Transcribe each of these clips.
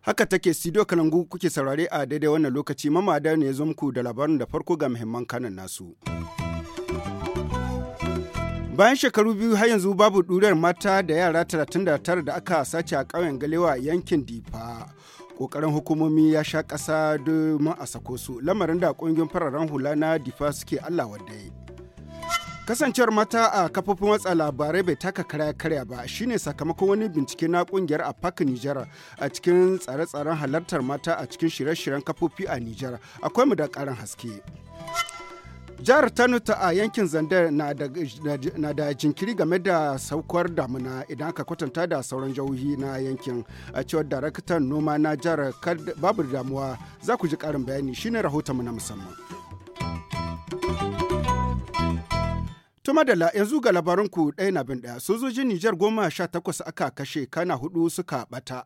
Haka take studio Kalangu kuke saurare a daidai wannan lokaci mamada ne ya zo muku da labarin da farko ga muhimman kanan nasu. Bayan shekaru biyu har yanzu babu ɗuriyar mata da yara talatin da tara da aka sace a ƙauyen Galewa yankin Difa. ƙoƙarin hukumomi ya sha ƙasa domin a sako su lamarin da ƙungiyar fararen hula na difa suke allah wadai kasancewar mata a kafofin watsa labarai bai taka karya karya ba shine sakamakon wani bincike na kungiyar a pak nijar a cikin tsare-tsaren halartar mata a cikin shirye-shiryen kafofi a nijar akwai mu da ƙarin haske jihar Tano ta a yankin Zandar na da jinkiri game da saukar damuna idan aka kwatanta da sauran jihohi na yankin a cewar daraktan noma na jihar babu damuwa za ku ji karin bayani shine rahotonmu na musamman. Tuma da yanzu ga labarinku ɗaya na bin ɗaya sojojin Nijar goma sha takwas aka kashe kana hudu suka bata.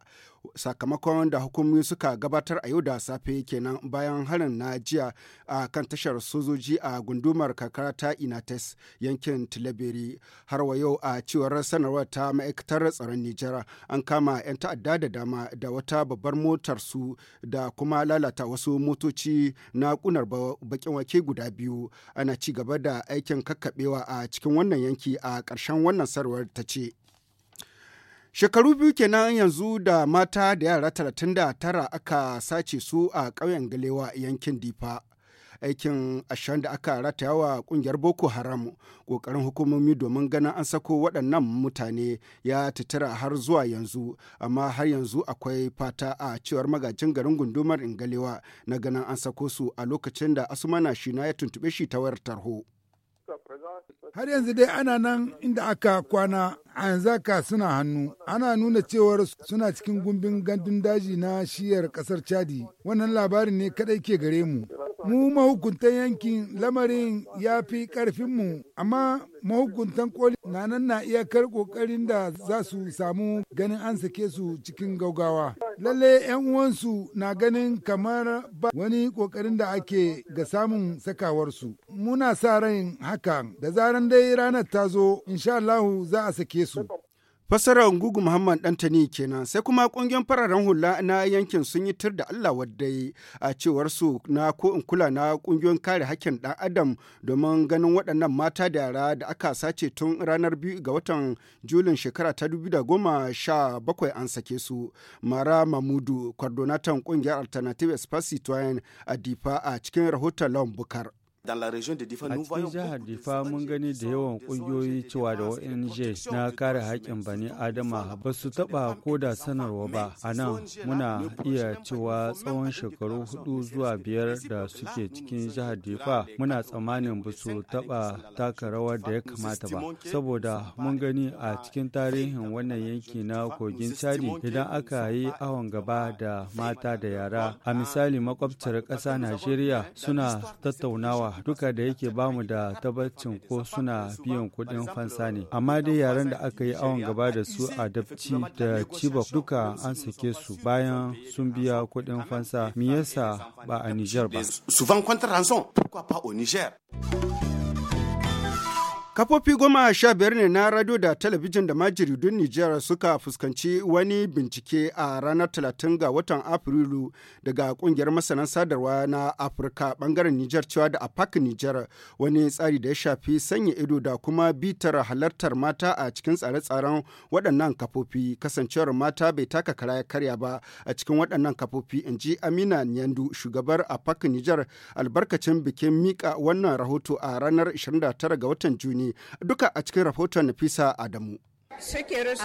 sakamakon da hukumomi suka gabatar a yau da safe kenan bayan harin na jiya a kan tashar sojoji a gundumar karkara ta inates yankin tilaberi har wa yau a cewar sanarwar ta ma'aikatar tsaron nijar an kama 'yan ta'adda da dama da wata babbar motar su da kuma lalata wasu motoci na kunar bakin wake guda biyu ana ci gaba da aikin kakkaɓewa a cikin wannan yanki a ƙarshen wannan sarwar ta ce Shekaru biyu kenan yanzu da mata da yara talatin da tara aka sace su a ƙauyen Galewa yankin Difa. Aikin ashan da aka rataya wa ƙungiyar Boko Haram ƙoƙarin hukumomi domin ganin an sako waɗannan mutane ya titira har zuwa yanzu, amma har yanzu akwai fata a cewar magajin garin gundumar Ingalewa na ganin an sako su a lokacin da Asumana Shina ya tuntuɓe shi ta wayar tarho. Har yanzu dai ana nan inda aka kwana a yanzu haka suna hannu. Ana nuna cewar suna cikin gumbin gandun daji na shiyar ƙasar Chadi. Wannan labarin ne kaɗai ke gare mu. mu mahukuntan yankin lamarin ya fi ƙarfinmu amma mahukuntan koli na nan na iyakar ƙoƙarin da za su samu ganin an sake su cikin gaugawa lalle 'yan uwansu na ganin kamar ba wani ƙoƙarin da ake ga samun sakawarsu muna sa ran hakan da zaran dai ranar ta zo insha Allahu za a sake su Fasarar Gugu Muhammad Dantani kenan sai kuma kungiyar fararen hula na yankin sun yi tur da Allah wadai a cewar su na ko in kula na kungiyoyin kare hakkin dan adam domin ganin waɗannan mata da yara da aka sace tun ranar biyu ga watan Julin shekara ta da goma sha bakwai an sake su. Mara Mamudu, kwardonatan kungiyar Alternative Espace a Difa a cikin rahoton Lawan Bukar. A cikin jihar Difa mun gani da yawan ƙungiyoyi cewa da ONG na kare haƙƙin bani Adama ba su taɓa ko da sanarwa ba. A nan muna iya cewa tsawon shekaru hudu zuwa biyar da suke cikin jihar Difa muna tsammanin ba su taɓa taka rawar da ya kamata ba. Saboda mun gani a cikin tarihin wannan yanki na kogin Chadi idan aka yi awon gaba da mata da yara. A misali makwabtar ƙasa Najeriya suna tattaunawa duka da yake bamu da tabbacin ko suna biyan kuɗin fansa ne amma dai yaren da aka yi awon gaba da su a dabci da ciba duka an sake su bayan sun biya kuɗin fansa me yasa ba a niger ba. Kafofi goma sha biyar ne na radio da talabijin da majiridun Nijar suka fuskanci wani bincike a ranar talatin ga watan Afrilu daga kungiyar masanan sadarwa na Afirka bangaren Nijar cewa da APAC Nijar wani tsari da ya shafi sanya ido da kuma bitar halartar mata a cikin tsare-tsaren waɗannan kafofi kasancewar mata bai taka kara ya karya ba a cikin waɗannan kafofi in ji Amina Nyandu shugabar APAC Nijar albarkacin bikin mika wannan rahoto a ranar 29 ga watan Juni. duka a cikin rahoton Nafisa Adamu.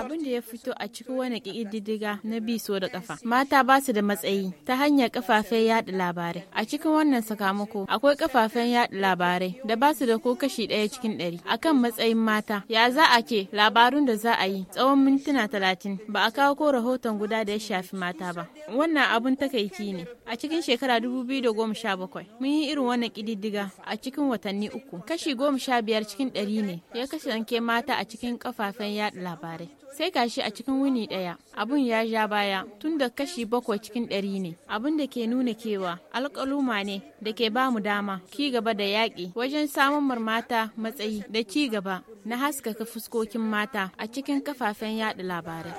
Abin da ya fito a cikin wani ƙididdiga na bi so da kafa. Mata ba su da matsayi ta hanyar kafafen yaɗa labarai. A cikin wannan sakamako akwai kafafen yaɗa labarai da ba su da ko kashi ɗaya cikin ɗari. A kan matsayin mata, ya za a ke labarun da za a yi tsawon mintuna talatin ba a kawo ko rahoton guda da ya shafi mata ba. Wannan abun takaici ne. A cikin shekara bakwai mun yi irin wannan ƙididdiga a cikin watanni uku. Kashi goma sha biyar cikin ɗari ne ya kasance mata a cikin kafafen yaɗa labarai sai gashi a cikin wuni daya abun ya ja baya tun da kashi bakwai cikin ɗari ne abun da ke nuna kewa alkaluma ne da ke ba mu dama ki gaba da yaƙi wajen samun mata matsayi da ci gaba na haskaka fuskokin mata a cikin kafafen yada labarai.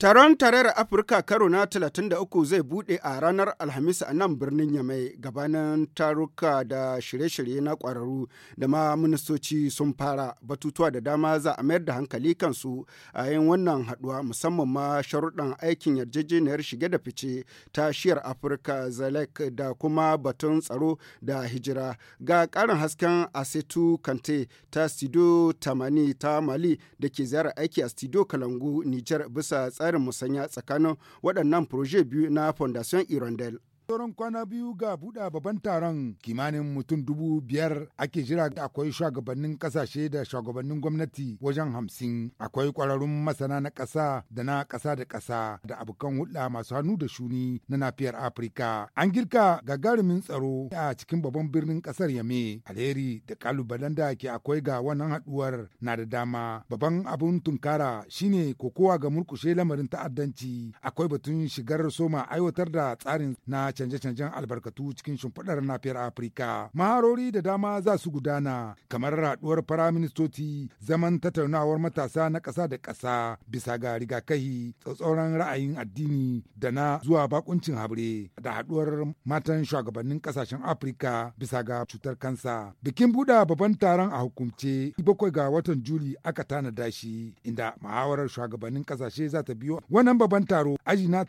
Taron tarayyar Afirka karo na 33 zai bude a ranar Alhamis a nan birnin Yamai gabanin taruka da shirye-shirye na kwararru da ma ministoci sun fara batutuwa da dama za a mayar da hankali kansu a yin wannan haduwa musamman ma sharuɗan aikin yarjejeniyar shige da fice ta shiyar Afirka Zalek da kuma batun tsaro da hijira ga ƙarin hasken Asetu Kante ta Studio Tamani ta Mali da ke ziyarar aiki a Studio Kalangu Nijar bisa sakano musanya tsakanin waɗannan projet biyu na Fondation Hirondelle. Sauran kwana biyu ga buɗe babban taron kimanin mutum dubu biyar ake jira Da akwai shugabannin ƙasashe da shugabannin gwamnati wajen hamsin akwai ƙwararrun masana na ƙasa da na ƙasa da ƙasa da abokan hulɗa masu hannu da shuni na nafiyar Afirka. An girka gagarumin tsaro a cikin babban birnin ƙasar Yame. Alheri da kalubalen da ke akwai ga wannan haɗuwar na da dama. Babban abun tunkara shine kokowa ga murkushe lamarin ta'addanci. Akwai batun shigar soma aiwatar da tsarin na canje-canjen albarkatu cikin shimfiɗar nafiyar Afirka. Maharori da dama za su gudana kamar raɗuwar firaministoci zaman tattaunawar matasa na ƙasa da ƙasa bisa ga rigakahi tsatsauran ra'ayin addini da na zuwa bakuncin habre da haɗuwar matan shugabannin ƙasashen Afirka bisa ga cutar kansa. Bikin buɗe babban taron a hukumce bakwai ga watan Juli aka tanada shi inda muhawarar shugabannin ƙasashe za ta biyo wannan babban taro aji na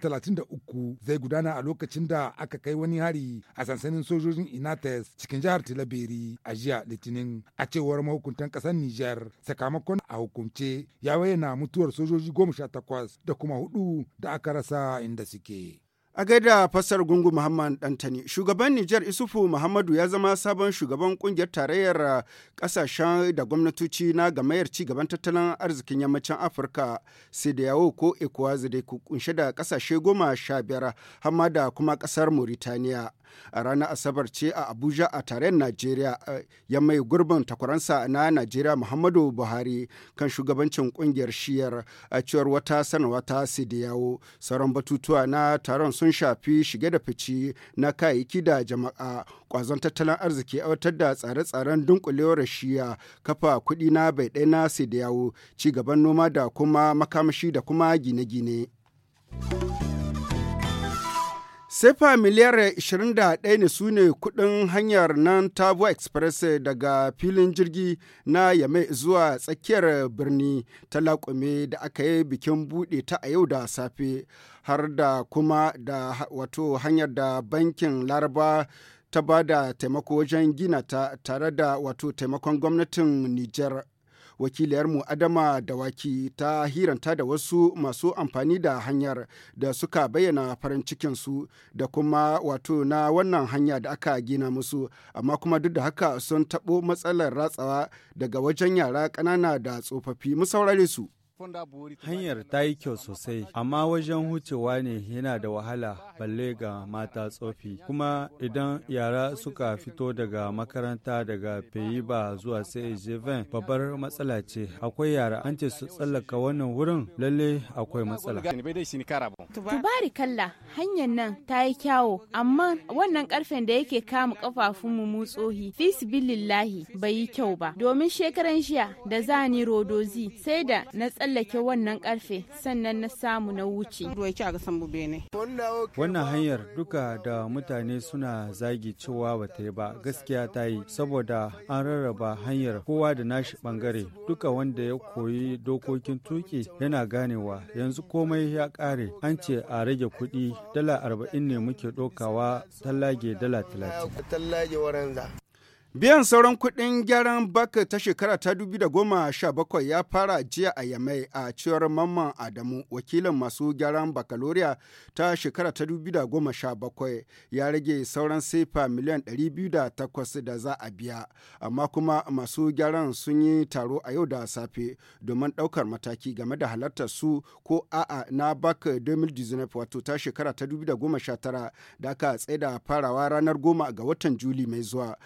uku zai gudana a lokacin da aka kai wani hari a sansanin sojojin inates cikin jihar tilaberi a jiya litinin a cewar mahukuntan kasar niger sakamakon a hukumce ya bayyana mutuwar sojoji goma sha takwas da kuma hudu da aka rasa inda suke. A gaida fasar gungu Muhammad Dantani, shugaban Nijar Isufu Muhammadu ya zama sabon shugaban kungiyar tarayyar kasashen da gwamnatoci na gamayar ci gaban tattalin arzikin yammacin Afirka, Sidiyawo ko ECOWAS da kunshe da kasashe goma sha biyar, hamma da kuma kasar Mauritaniya. a ranar asabar ce a abuja a taren najeriya eh, ya mai gurbin takwaransa na najeriya muhammadu buhari kan shugabancin kungiyar shiyar a cewar wata sanarwa ta sidiyawo sauran batutuwa na taron sun shafi shige da fici na kayayyaki da jama'a kwazon tattalin arziki aiwatar da tsare-tsaren dunkulewar shiya kafa kuɗi na bai ɗaya na sidiyawo ci gaban noma da kuma makamashi da kuma gine-gine. Sefa miliyar 21 ne su ne kudin hanyar nan Tabo Express daga filin jirgi na Yamai zuwa tsakiyar birni ta laƙume da aka yi bikin buɗe ta a yau da safe har da kuma da wato hanyar da bankin Laraba ta ba da taimako wajen gina ta tare da wato taimakon gwamnatin Nijar. wakiliyarmu adama da dawaki ta hiranta da wasu masu amfani da hanyar da suka bayyana farin cikinsu da kuma wato na wannan hanya da aka gina musu amma kuma duk da haka sun taɓo matsalar ratsawa daga wajen yara ƙanana da tsofaffi mu saurare su. Hanyar ta yi kyau sosai, amma wajen hucewa ne yana da wahala balle ga mata tsofi. Kuma idan yara suka fito daga makaranta daga ba zuwa CAG babbar matsala ce. Akwai yara an ce su tsallaka wannan wurin lalle akwai matsala. Tubari kalla hanyar nan ta yi kyawo, amma wannan karfen da yake kama kafafunmu mu tsohi, fisibilillahi bai yi kyau ba. Domin shekaran jiya da zani rodozi sai da na tsallake wannan karfe sannan na samu na wuce. Wannan hanyar duka da mutane suna zagi cewa ba ta yi ba gaskiya ta yi saboda an rarraba hanyar kowa da nashi bangare duka wanda ya koyi dokokin tuki yana ganewa yanzu komai ya kare an ce a rage kuɗi dala arba'in ne muke ɗaukawa tallage dala talatin. Biyan sauran kuɗin gyaran baka ta shekara ta bakwai ya fara jiya a Yamai a cewar Mamman Adamu, wakilin masu gyaran bakaloriya ta shekara ta bakwai ya rage sauran sefa miliyan 208 da za a biya. Amma kuma masu gyaran sun yi taro a yau da safe domin ɗaukar mataki game da halartar su ko a'a na baka 2019 wato ta shekara ta 2019 da aka tsaida farawa ranar goma ga watan Juli mai zuwa.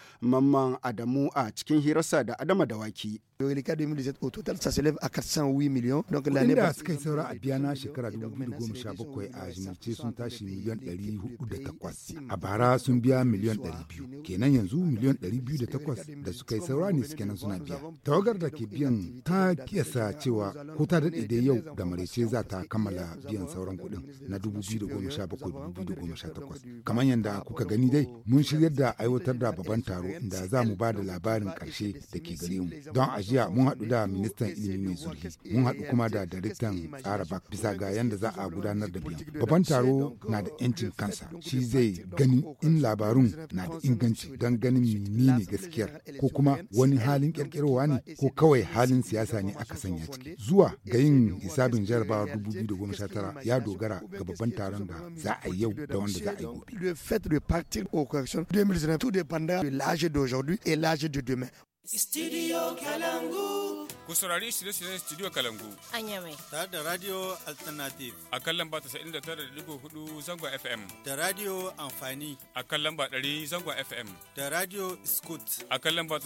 Mamman Adamu a cikin hirarsa da Adama Dawaki. Eureka 2017 au total ça s'élève à 408 millions. Donc l'année passée. sera à Biana, da suka saura a biya na shekara 2017 a jimilce sun tashi de Takwas. a bara sun biya miliyan 200 kenan yanzu Million miliyan 208 da suka yi saura ne suke nan suna biya. Tawagar da ke biyan ta kiyasa cewa ko ta daɗe dai yau da marece za ta kammala biyan sauran kuɗin na 2017-2018 kamar yadda kuka gani dai mun shiryar da aiwatar da babban taro da za mu ba da labarin ƙarshe da ke gare mu don a jiya mun haɗu da ministan ilimi mai zurfi mun haɗu kuma da daraktan tsara bak bisa ga yadda za a gudanar da biyan babban taro na da yancin kansa shi zai gani in labarun na da inganci don ganin menene gaskiyar ko kuma wani halin kirkirowa ne ko kawai halin siyasa ne aka sanya ciki zuwa ga yin hisabin jarabawa tara ya dogara ga babban taron da za a yi yau da wanda za a yi gobe. 2019, tout dépendra de l'âge d'aujourd'hui et de demain. Studio Kalangu. Ku saurari shirye-shiryen Studio Kalangu. An mai. Tare da Radio Alternative. A kan lamba hudu zangon FM. Da Radio Amfani. A kan lamba 100 zangon FM. Da Radio Scoot. A kan lamba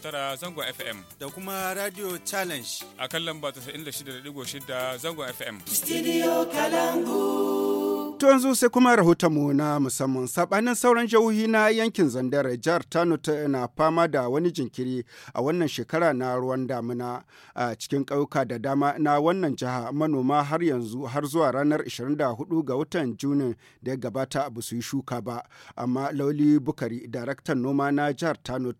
tara zangon FM. Da kuma Radio Challenge. A kan lamba shida zangon FM. Studio Kalangu. To yanzu sai kuma rahoton mu na musamman sabanin sauran jihohi na yankin Zandar jihar Tano na fama da wani jinkiri a wannan shekara na ruwan damina a cikin ƙauyuka da dama na wannan jiha manoma har yanzu har zuwa ranar 24 ga watan Junin da ya gabata ba su yi shuka ba amma Lauli Bukari daraktan noma na jihar Tano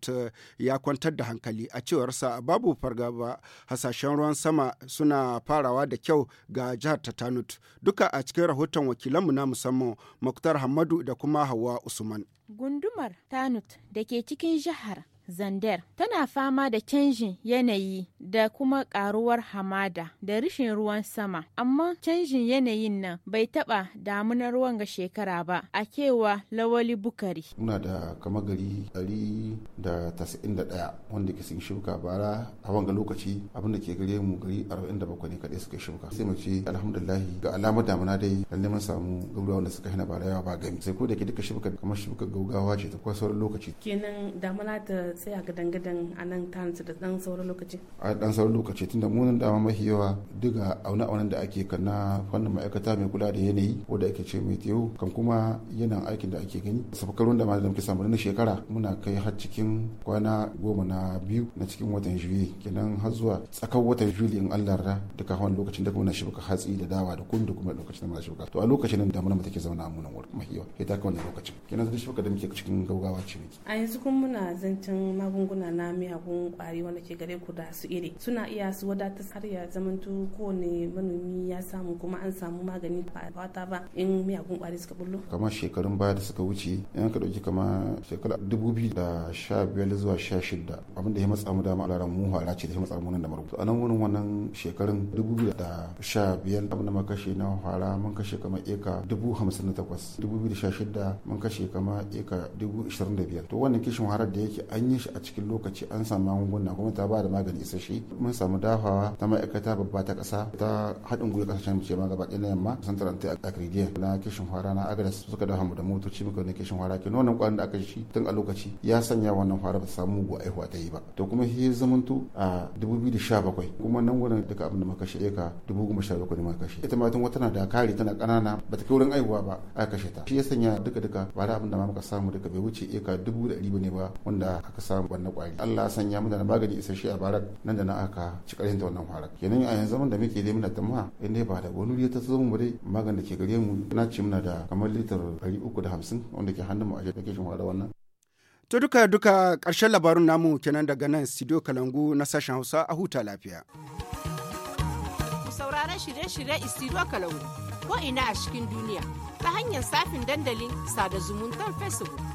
ya kwantar da hankali a cewarsa babu fargaba hasashen ruwan sama suna farawa da kyau ga jihar ta Tano duka a cikin rahoton wakilan namu na musamman Muktar Hamadu da kuma Hawa Usman. Gundumar Tanut da ke cikin jihar Zander tana fama da canjin yanayi da kuma karuwar hamada da rishin ruwan sama, amma canjin yanayin nan bai taba damunar ruwan ga shekara ba a kewa lawali bukari. Muna da kama gari 191 wanda ke sun shuka bara a wanga lokaci abin da ke gare mu gari 47 ne kadai suka shuka. Sai mace ce alhamdulillahi ga alamar damuna dai da neman samu gaggawa wanda suka hana bara yawa ba gami. Sai ko da ke duka shuka kamar shuka gaugawa ce ta kwasar lokaci. Kenan damuna ta a gidan gidan a nan ta da dan sauran lokaci a dan sauran lokaci tunda mu nan dama mafi yawa duka auna auna da ake kana na fannin ma'aikata mai kula da yanayi ko da ake ce meteo kan kuma yanayin aikin da ake gani safakarun da ma da muke samu na shekara muna kai har cikin kwana goma na biyu na cikin watan juye kenan har zuwa tsakar watan juli in allah ra duka hawan lokacin da muna shuka hatsi da dawa da kun da kuma lokacin da muna shuka to a lokacin nan damuna take zauna a munan wurin mafi yawa ita ka wannan lokacin kenan da shuka da muke cikin gaugawa ce a yanzu kuma muna zancen magunguna na miyagun kwari wanda ke gare ku da su iri suna iya su wadatar har ya zamanto kowane manomi ya samu kuma an samu magani ba wata ba in miyagun kwari suka bullo kamar shekarun baya da suka wuce yan ka dauki kamar shekara dubu biyu da sha biyar zuwa sha shida abin da ya matsa mu dama alaran mu hara ce da ya matsa mu nan da marubuta a nan wurin wannan shekarun dubu biyu da sha biyar abin da muka kashe na hara mun kashe kamar eka dubu hamsin da takwas dubu biyu da sha shida mun kashe kamar eka dubu ishirin da biyar to wannan kishin harar da yake an yi yi shi a cikin lokaci an samu magunguna kuma ta ba da magani isasshe mun samu dafawa ta ma'aikata babba ta kasa ta haɗin gwiwa kasashen ce ma gaba ɗaya na yamma santar ta akridiya na kishin fara na agadas suka dafa mu da motoci muka ne kishin fara ke nonon kwanan da aka shi tun a lokaci ya sanya wannan fara ba samu mugu aihuwa ta yi ba to kuma shi zamanto a 2017 kuma nan wurin duka abin da muka kashe sha 2017 ne muka kashe ita ma tun wata na da kare tana ƙanana ba ta kai wurin aihuwa ba aka kashe ta shi ya sanya duka duka ba da abin da ma muka samu duka bai wuce eka ba ne ba wanda aka samu wannan kwari Allah sanya mu da magani isasshe a barak nan da na aka ci karin ta wannan farak kenan a yanzu zaman da muke dai muna tamma in dai ba da wani wuri ta zo mu dai magani da ke gare mu na ci muna da kamar litar 350 wanda ke hannun mu a jikin shin wannan To duka duka karshen labarun namu kenan daga nan studio Kalangu na sashen Hausa a huta lafiya. Sauraron shirye-shirye studio Kalangu ko ina a cikin duniya ta hanyar safin dandalin sada zumuntar Facebook.